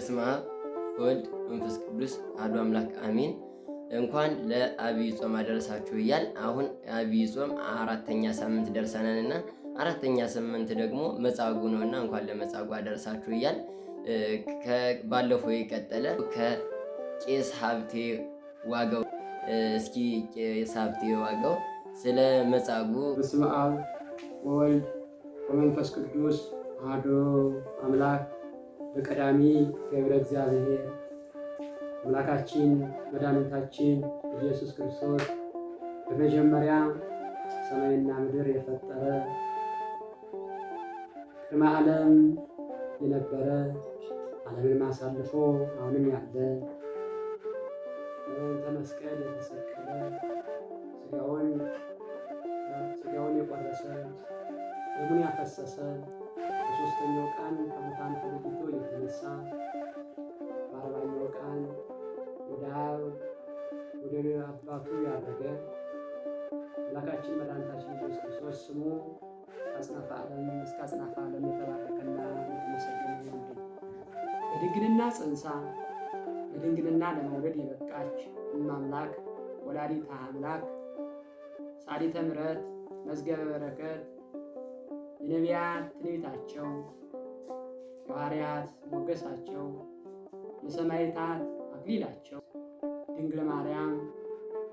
በስመ አብ ወልድ መንፈስ ቅዱስ አሐዱ አምላክ አሜን። እንኳን ለአብይ ጾም አደረሳችሁ እያል አሁን አብይ ጾም አራተኛ ሳምንት ደርሰናል እና አራተኛ ሳምንት ደግሞ መጻጉዕ እና እንኳን ለመጻጉዕ አደረሳችሁ እያል ባለፈው የቀጠለ ከቄስ ሀብቴ ዋጋው እስኪ ቄስ ሀብቴ ዋጋው ስለ መጻጉዕ። በስመ አብ ወወልድ ወመንፈስ ቅዱስ አሐዱ አምላክ በቀዳሚ ገብረ እግዚአብሔር አምላካችን መድኃኒታችን ኢየሱስ ክርስቶስ በመጀመሪያ ሰማይና ምድር የፈጠረ ቅድመ ዓለም የነበረ ዓለምን አሳልፎ አሁንም ያለ ተመስቀል የተሰቀለ ስጋውን ስጋውን የቆረሰ ደሙን ያፈሰሰ ሶስተኛው ቀን ከሙታን ተለይቶ የተነሳ በአርባኛው ቀን ወደ አብ ወደ አባቱ ያደረገ አምላካችን መድኃኒታችን ኢየሱስ ክርስቶስ ስሙ አጽናፈ ዓለም እስከ አጽናፈ ዓለም የተባረከና የተመሰገነ ይሁን። የድንግልና ጸንሳ የድንግልና ለመውለድ የበቃች እማምላክ ወላዲተ አምላክ ጻዲተ ምሕረት መዝገበ በረከት የነቢያት ትንቢታቸው፣ የሐዋርያት ሞገሳቸው፣ የሰማዕታት አክሊላቸው፣ ድንግል ማርያም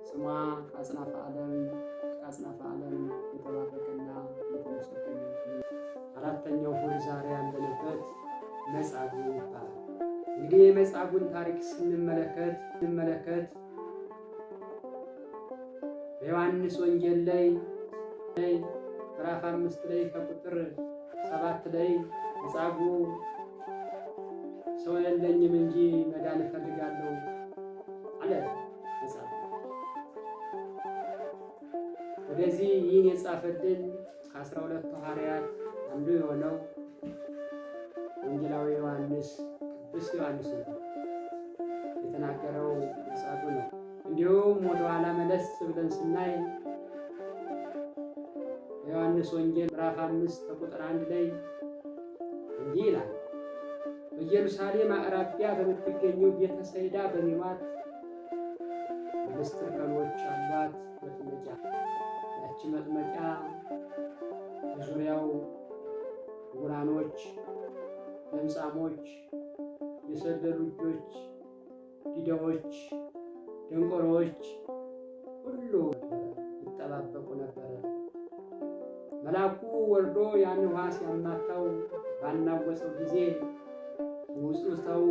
ስሟ ከአጽናፈ ዓለም ከአጽናፈ ዓለም የተባረከና የተመሰገነ። አራተኛው እሑድ ዛሬ ያለንበት መጻጉዕ ይባላል። እንግዲህ የመጻጉዕን ታሪክ ስንመለከት ስንመለከት በዮሐንስ ወንጌል ላይ ምዕራፍ አምስት ላይ ከቁጥር ሰባት ላይ መጻጉ ሰው የለኝም እንጂ መዳን እፈልጋለሁ አለ መጻጉ። ወደዚህ ይህን የጻፈልን ከአስራ ሁለቱ ሐዋርያት አንዱ የሆነው ወንጌላዊ ዮሐንስ ቅዱስ ዮሐንስ የተናገረው መጻጉ ነው። እንዲሁም ወደኋላ መለስ ብለን ስናይ ዮሐንስ ወንጌል ምዕራፍ አምስት ከቁጥር አንድ ላይ እንዲህ ይላል። በኢየሩሳሌም አቅራቢያ በምትገኘው ቤተ ሰይዳ በሚሏት አምስት እርከኖች አሏት መጥመቂያ። ያቺ መጥመቂያ በዙሪያው ጉራኖች፣ ለምጻሞች፣ የሰደዱ ልጆች፣ ዲዳዎች፣ ደንቆሮዎች ሁሉ ይጠባበቁ ነበር። መልአኩ ወርዶ ያን ውሃ ሲያማታው ባናወሰው ጊዜ ውስጡ ሰው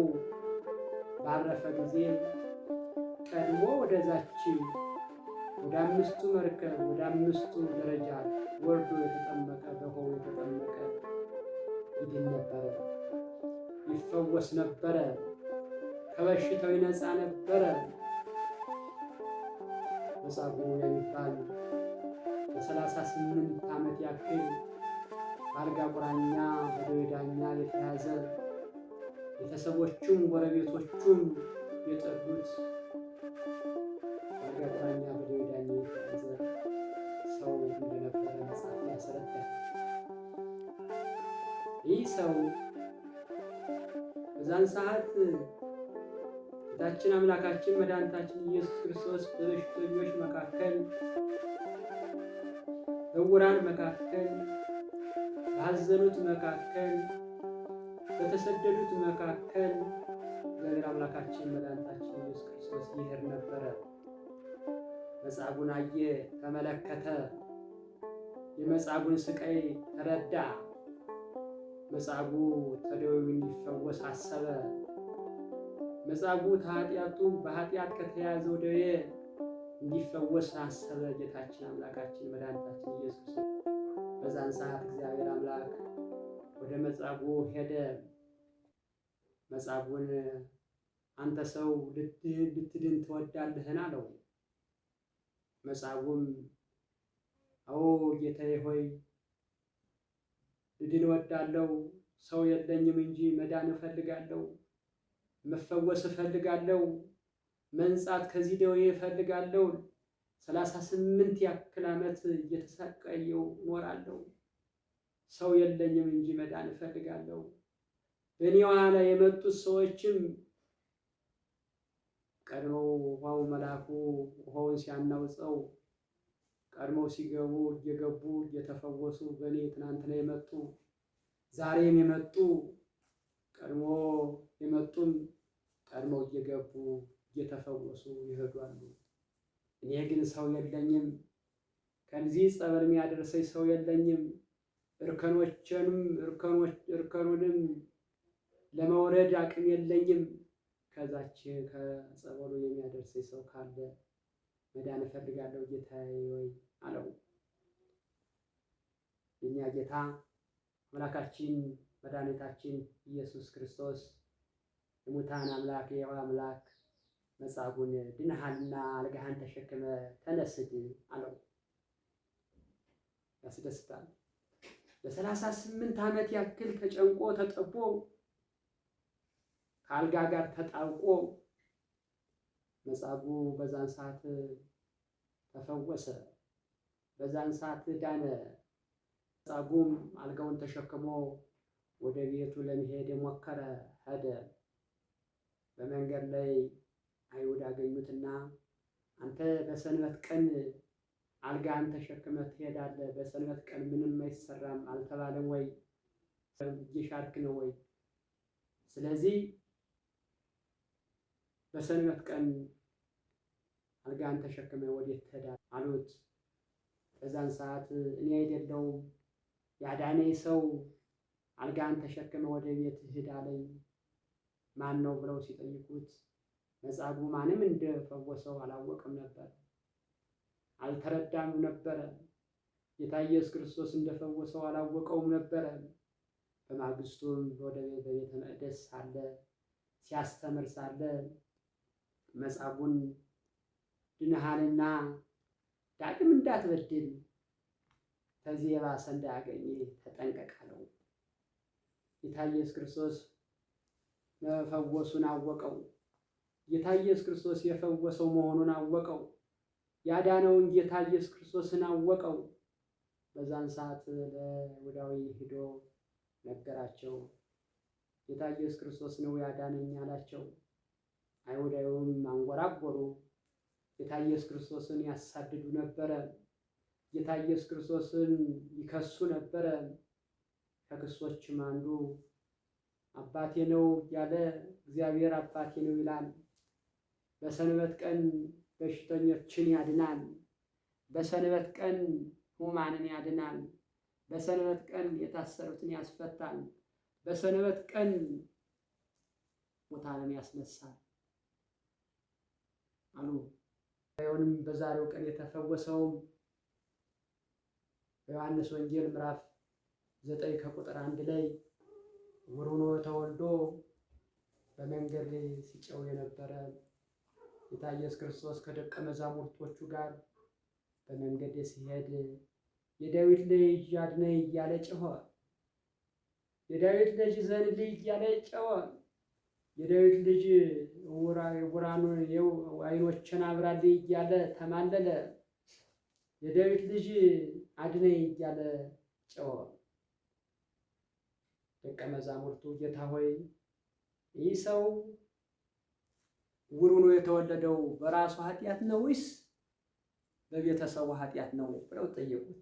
ባረፈ ጊዜ ቀድሞ ወደዛች ወደ አምስቱ መርከብ ወደ አምስቱ ደረጃ ወርዶ የተጠመቀ በሆው የተጠመቀ ይድን ነበረ፣ ይፈወስ ነበረ፣ ከበሽታው ይነፃ ነበረ። መጻጉዕ የሚባል ለሰላሳ ስምንት ዓመት ያክል አልጋ ቁራኛ በደዌ ዳኛ የተያዘ ቤተሰቦቹም ጎረቤቶቹም የጠሉት አልጋ ቁራኛ በደዌ ዳኛ የተያዘ ሰው እንደነበረ መጽሐፍ ያስረዳል። ይህ ሰው በዛን ሰዓት ጌታችን አምላካችን መድኃኒታችን ኢየሱስ ክርስቶስ በበሽተኞች መካከል በዕውራን መካከል፣ ባዘኑት መካከል፣ በተሰደዱት መካከል እግዚአብሔር አምላካችን መድኃኒታችን ኢየሱስ ክርስቶስ ይሄድ ነበረ። መጻጉን አየ፣ ተመለከተ። የመጻጉን ስቃይ ተረዳ። መጻጉ ተደዌው እንዲፈወስ አሰበ። መጻጉ ተኃጢአቱ በኃጢአት ከተያዘው ደዌ እንዲፈወስ አሰበ ጌታችን አምላካችን መድኃኒታችን ኢየሱስ። በዛን ሰዓት እግዚአብሔር አምላክ ወደ መጻጉዕ ሄደ። መጻጉዕን አንተ ሰው ልትድን ትወዳለህን? አለው። መጻጉዕም አዎ ጌታዬ ሆይ ልድን እወዳለሁ፣ ሰው የለኝም እንጂ መዳን እፈልጋለሁ፣ መፈወስ እፈልጋለሁ መንጻት ከዚህ ደዌ እፈልጋለሁ። ሰላሳ ስምንት ያክል ዓመት እየተሰቃየው እኖራለሁ። ሰው የለኝም እንጂ መዳን እፈልጋለሁ። በእኔ ኋላ የመጡት ሰዎችም ቀድመው ውሃው መልአኩ ውሃውን ሲያናውፀው ቀድመው ሲገቡ እየገቡ እየተፈወሱ በእኔ ትናንትና የመጡ ዛሬም የመጡ ቀድሞ የመጡም ቀድመው እየገቡ እየተፈወሱ ይሄዷሉ። እኔ ግን ሰው የለኝም፣ ከዚህ ጸበል የሚያደርሰኝ ሰው የለኝም። እርከኖችንም እርከኑንም ለመውረድ አቅም የለኝም። ከዛች ከጸበሉ የሚያደርሰኝ ሰው ካለ መዳን እፈልጋለሁ ጌታዬ ወይ አለው። የኛ ጌታ አምላካችን መድኃኒታችን ኢየሱስ ክርስቶስ የሙታን አምላክ የሕያዋን አምላክ መጻጉን ድንሃልና አልጋህን ተሸክመ ተነስድ አለው። ያስደስታል። ለሰላሳ ስምንት ዓመት ያክል ተጨንቆ ተጠቦ ከአልጋ ጋር ተጣብቆ መጻጉ በዛን ሰዓት ተፈወሰ። በዛን ሰዓት ዳነ። መጻጉዕም አልጋውን ተሸክሞ ወደ ቤቱ ለመሄድ የሞከረ ሄደ። በመንገድ ላይ አይሁድ አገኙትና አንተ በሰንበት ቀን አልጋን ተሸክመህ ትሄዳለህ፣ በሰንበት ቀን ምንም አይሰራም አልተባለም ወይ? ሻርክ ነው ወይ? ስለዚህ በሰንበት ቀን አልጋን ተሸክመህ ወዴት ትሄዳለህ? አሉት። በዛን ሰዓት እኔ አይደለሁም ያዳኔ ሰው አልጋን ተሸክመህ ወደ ቤት ሂድ አለኝ። ማን ነው ብለው ሲጠይቁት ማንም እንደፈወሰው አላወቅም ነበር፣ አልተረዳም ነበረ። ጌታ ኢየሱስ ክርስቶስ እንደፈወሰው አላወቀውም ነበረ። በማግስቱም ወደ ቤተ መቅደስ ሳለ ሲያስተምር ሳለ መጻጉዕን ድንሃልና ዳግም እንዳትበድል ከዚህ የባሰ እንዳያገኝ ተጠንቀቅ አለው። ጌታ ኢየሱስ ክርስቶስ መፈወሱን አወቀው። ጌታ ኢየሱስ ክርስቶስ የፈወሰው መሆኑን አወቀው። ያዳነውን ጌታ ኢየሱስ ክርስቶስን አወቀው። በዛን ሰዓት ለይሁዳዊ ሂዶ ነገራቸው። ጌታ ኢየሱስ ክርስቶስ ነው ያዳነኝ አላቸው። አይሁዳዊውም አንጎራጎሩ። ጌታ ኢየሱስ ክርስቶስን ያሳድዱ ነበረ። ጌታ ኢየሱስ ክርስቶስን ይከሱ ነበረ። ከክሶችም አንዱ አባቴ ነው ያለ እግዚአብሔር አባቴ ነው ይላል። በሰንበት ቀን በሽተኞችን ያድናል። በሰንበት ቀን ሕሙማንን ያድናል። በሰንበት ቀን የታሰሩትን ያስፈታል። በሰንበት ቀን ሙታንን ያስነሳል አሉ። ይሁንም በዛሬው ቀን የተፈወሰውም በዮሐንስ ወንጌል ምዕራፍ ዘጠኝ ከቁጥር አንድ ላይ ዕውር ሆኖ ተወልዶ በመንገድ ላይ ሲጨው የነበረ ጌታ ኢየሱስ ክርስቶስ ከደቀ መዛሙርቶቹ ጋር በመንገድ ሲሄድ የዳዊት ልጅ አድነኝ እያለ ጮኸ። የዳዊት ልጅ ዘንልኝ እያለ ጮኸ። የዳዊት ልጅ ውራኑ አይኖችን አብራልኝ እያለ ተማለለ። የዳዊት ልጅ አድነኝ እያለ ጮኸ። ደቀ መዛሙርቱ ጌታ ሆይ ይህ ሰው ዕውር ሆኖ የተወለደው በራሱ ኃጢአት ነው ወይስ በቤተሰቡ ኃጢአት ነው ብለው ጠየቁት።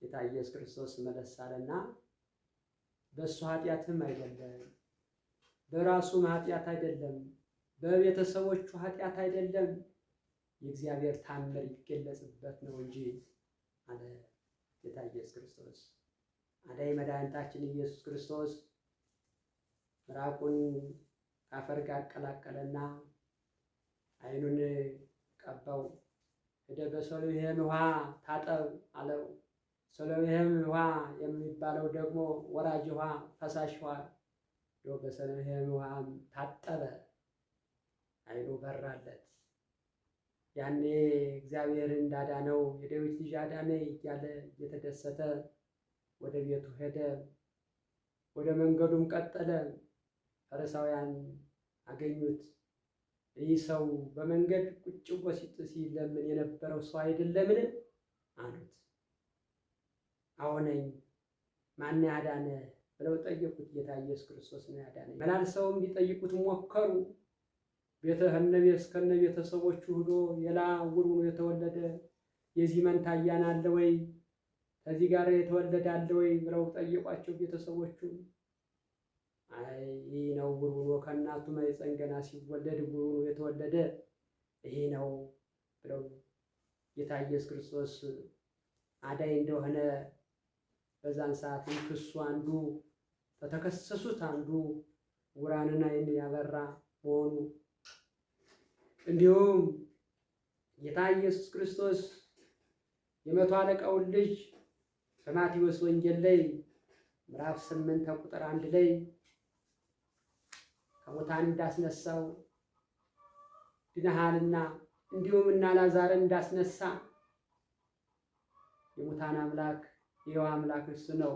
ጌታ ኢየሱስ ክርስቶስ መለስ አለና በእሱ ኃጢአትም አይደለም፣ በራሱም ኃጢአት አይደለም፣ በቤተሰቦቹ ኃጢአት አይደለም፣ የእግዚአብሔር ታምር ይገለጽበት ነው እንጂ አለ ጌታ ኢየሱስ ክርስቶስ። አዳይ መድኃኒታችን ኢየሱስ ክርስቶስ ምራቁን ከአፈር ጋር ቀላቀለና አይኑን ቀባው። ሄደ በሰሎሄም ውሃ ታጠብ አለው። ሰሎሄም ውሃ የሚባለው ደግሞ ወራጅ ውሃ፣ ፈሳሽ ውሃ። በሰሎሄም ውሃም ታጠበ፣ አይኑ በራለት። ያኔ እግዚአብሔር እንዳዳነው የዳዊት ልጅ አዳነ እያለ እየተደሰተ ወደ ቤቱ ሄደ። ወደ መንገዱም ቀጠለ። ፈረሳውያን አገኙት። ይህ ሰው በመንገድ ቁጭ ብሎ ሲለምን የነበረው ሰው አይደለምን? አሉት። አሁነኝ ማን ያዳነ ብለው ጠየቁት። ጌታ ኢየሱስ ክርስቶስ ነው ያዳነ። መላልሰውም ሊጠይቁት ሞከሩ። ቤተ እስከነ ቤተሰቦቹ የላ ሌላ ውሩ የተወለደ የዚህ መንታ አያን አለ ወይ ከዚህ ጋር የተወለደ አለ ወይ ብለው ጠየቋቸው ቤተሰቦቹ ይህ ነው ዕውር ከእናቱ ማኅፀን ገና ሲወለድ ዕውር የተወለደ ይሄ ነው ብለው ጌታ ኢየሱስ ክርስቶስ አዳይ እንደሆነ በዛን ሰዓት ክሱ አንዱ በተከሰሱት አንዱ ዕውራንን ዓይን ያበራ መሆኑ እንዲሁም ጌታ ኢየሱስ ክርስቶስ የመቶ አለቃውን ልጅ በማቴዎስ ወንጌል ላይ ምዕራፍ ስምንት ከቁጥር አንድ ላይ ከሙታን እንዳስነሳው ድነሃልና እንዲሁም እና ላዛርን እንዳስነሳ የሙታን አምላክ የሕያው አምላክ እሱ ነው።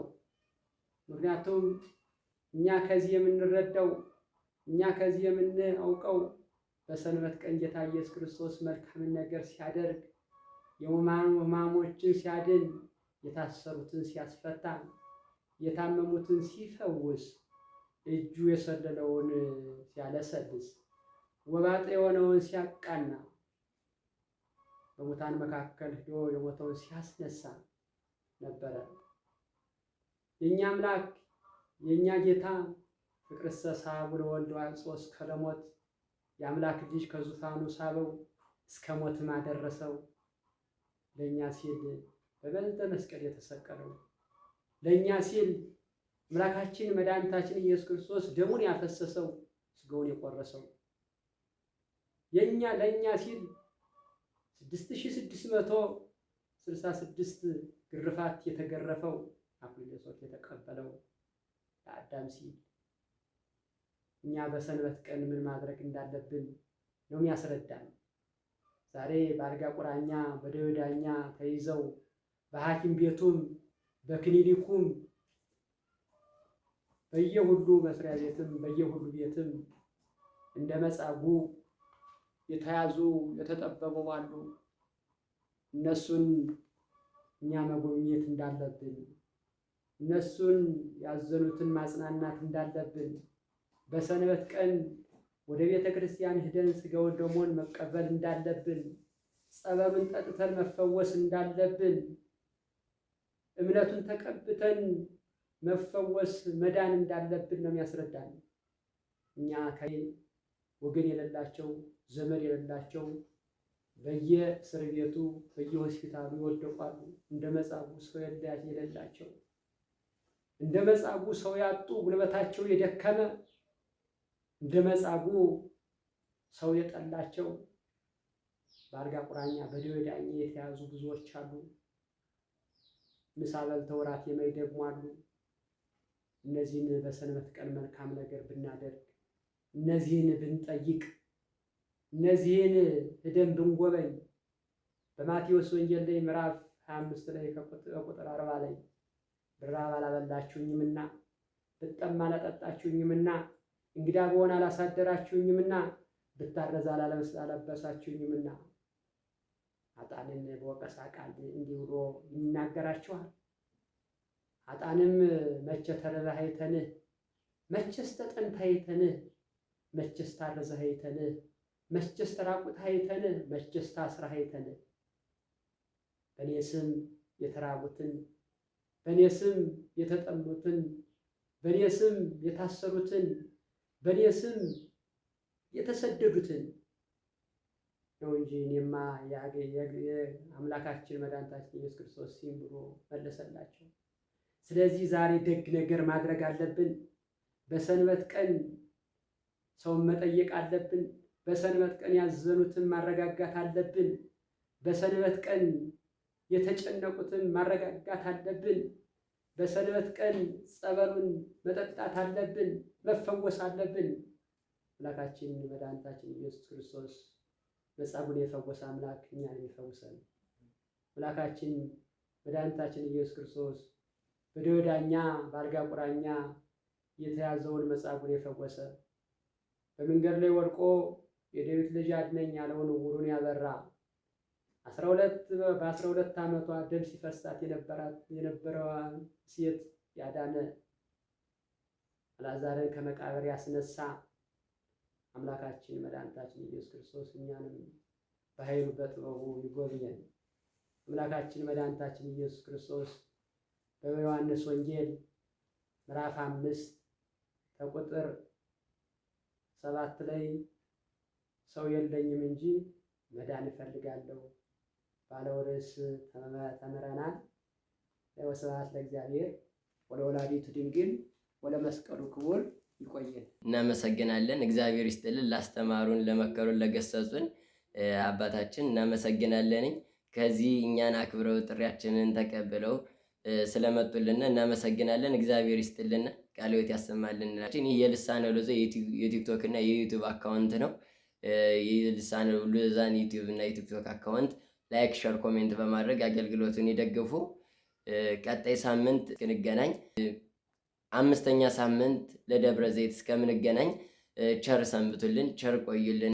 ምክንያቱም እኛ ከዚህ የምንረዳው እኛ ከዚህ የምናውቀው በሰንበት ቀን ጌታ ኢየሱስ ክርስቶስ መልካምን ነገር ሲያደርግ የሕሙማኖችን ሲያድን የታሰሩትን ሲያስፈታ የታመሙትን ሲፈውስ እጁ የሰለለውን ሲያለሰልስ ወባጤ የሆነውን ሲያቃና በሙታን መካከል ሂዶ የሞተውን ሲያስነሳ ነበረ። የእኛ አምላክ የእኛ ጌታ ሰሳ ብሎ ወልዶ ዋንጾስ ከለሞት የአምላክ ልጅ ከዙፋኑ ሳበው እስከ ሞትም አደረሰው። ለእኛ ሲል በበለጠ መስቀል የተሰቀለው ለእኛ ሲል አምላካችን መድኃኒታችን ኢየሱስ ክርስቶስ ደሙን ያፈሰሰው ስጋውን የቆረሰው የኛ ለኛ ሲል 6666 ግርፋት የተገረፈው አክሊለ የተቀበለው ለአዳም ሲል እኛ በሰንበት ቀን ምን ማድረግ እንዳለብን ነው የሚያስረዳን። ዛሬ በአልጋ ቁራኛ በደዌ ዳኛ ተይዘው በሐኪም ቤቱም በክሊኒኩም በየሁሉ መስሪያ ቤትም በየሁሉ ቤትም እንደ መጻጉ የተያዙ የተጠበቡ አሉ። እነሱን እኛ መጎብኘት እንዳለብን፣ እነሱን ያዘኑትን ማጽናናት እንዳለብን፣ በሰንበት ቀን ወደ ቤተ ክርስቲያን ሂደን ሥጋውን ደሞን መቀበል እንዳለብን፣ ጸበብን ጠጥተን መፈወስ እንዳለብን፣ እምነቱን ተቀብተን መፈወስ መዳን እንዳለብን ነው የሚያስረዳን። እኛ ወገን የሌላቸው ዘመድ የሌላቸው በየእስር ቤቱ በየሆስፒታሉ ይወደቋሉ። እንደ መጻጉ ሰው የሌላቸው እንደ መጻጉ ሰው ያጡ ጉልበታቸው የደከመ እንደ መጻጉ ሰው የጠላቸው በአልጋ ቁራኛ በደዌ ዳኛ የተያዙ ብዙዎች አሉ። ምሳ በልተው እራት የማይደግሙ አሉ። እነዚህን በሰንበት ቀን መልካም ነገር ብናደርግ፣ እነዚህን ብንጠይቅ፣ እነዚህን ሂደን ብንጎበኝ በማቴዎስ ወንጌል ላይ ምዕራፍ 25 ላይ ከቁጥር 40 ላይ ብራብ አላበላችሁኝምና ብጠማ አላጠጣችሁኝምና እንግዳ በሆን አላሳደራችሁኝምና ብታረዝ አላለበሳችሁኝምና አጣንን በወቀሳ ቃል እንዲህ ብሎ ይናገራችኋል። አጣንም መቼ ተረራሃይተንህ መቼስ ተጠንታይተንህ መቼስ ታረዘሃይተንህ መቼስ ተራቁትሃይተንህ መቼስ ታስራሃይተንህ በእኔ ስም የተራቡትን በእኔ ስም የተጠሙትን በእኔ ስም የታሰሩትን በእኔ ስም የተሰደዱትን ነው እንጂ እኔማ የአምላካችን መድኃኒታችን ኢየሱስ ክርስቶስ ሲም ብሎ መለሰላቸው። ስለዚህ ዛሬ ደግ ነገር ማድረግ አለብን። በሰንበት ቀን ሰውን መጠየቅ አለብን። በሰንበት ቀን ያዘኑትን ማረጋጋት አለብን። በሰንበት ቀን የተጨነቁትን ማረጋጋት አለብን። በሰንበት ቀን ጸበሉን መጠጣት አለብን፣ መፈወስ አለብን። አምላካችን መድኃኒታችን ኢየሱስ ክርስቶስ መጻጉዕን የፈወሰ አምላክ እኛን የሚፈውሰን አምላካችን መድኃኒታችን ኢየሱስ ክርስቶስ በደዌ ዳኛ በአልጋ ቁራኛ የተያዘውን መጻጉዕን የፈወሰ በመንገድ ላይ ወድቆ የዳዊት ልጅ አድነኝ ያለውን ዕውሩን ያበራ አስራ ሁለት በአስራ ሁለት ዓመቷ ደም ሲፈሳት የነበረዋ የነበረዋን ሴት ያዳነ አልዓዛርን ከመቃብር ያስነሳ አምላካችን መድኃኒታችን ኢየሱስ ክርስቶስ እኛንም በኃይሉ በጥበቡ ይጎብኘን። አምላካችን መድኃኒታችን ኢየሱስ ክርስቶስ በዮሐንስ ወንጌል ምዕራፍ አምስት ከቁጥር ሰባት ላይ ሰው የለኝም እንጂ መዳን እፈልጋለሁ ባለው ርዕስ ተምረናል። ወስብሐት ለእግዚአብሔር ወለወላዲቱ ድንግል ወለመስቀሉ ክቡር። ይቆየን። እናመሰግናለን። እግዚአብሔር ይስጥልን። ላስተማሩን፣ ለመከሩን፣ ለገሰጹን አባታችን እናመሰግናለን ከዚህ እኛን አክብረው ጥሪያችንን ተቀብለው ስለመጡልን እናመሰግናለን። እግዚአብሔር ይስጥልን፣ ቃለ ሕይወት ያሰማልን። ይህ የልሳነ ሎዛ የቲክቶክ እና የዩቱብ አካውንት ነው። የልሳነ ሎዛን ዩቱብ እና የቲክቶክ አካውንት ላይክ፣ ሸር፣ ኮሜንት በማድረግ አገልግሎቱን ይደግፉ። ቀጣይ ሳምንት እስክንገናኝ አምስተኛ ሳምንት ለደብረ ዘይት እስከምንገናኝ ቸር ሰንብቱልን፣ ቸር ቆዩልን።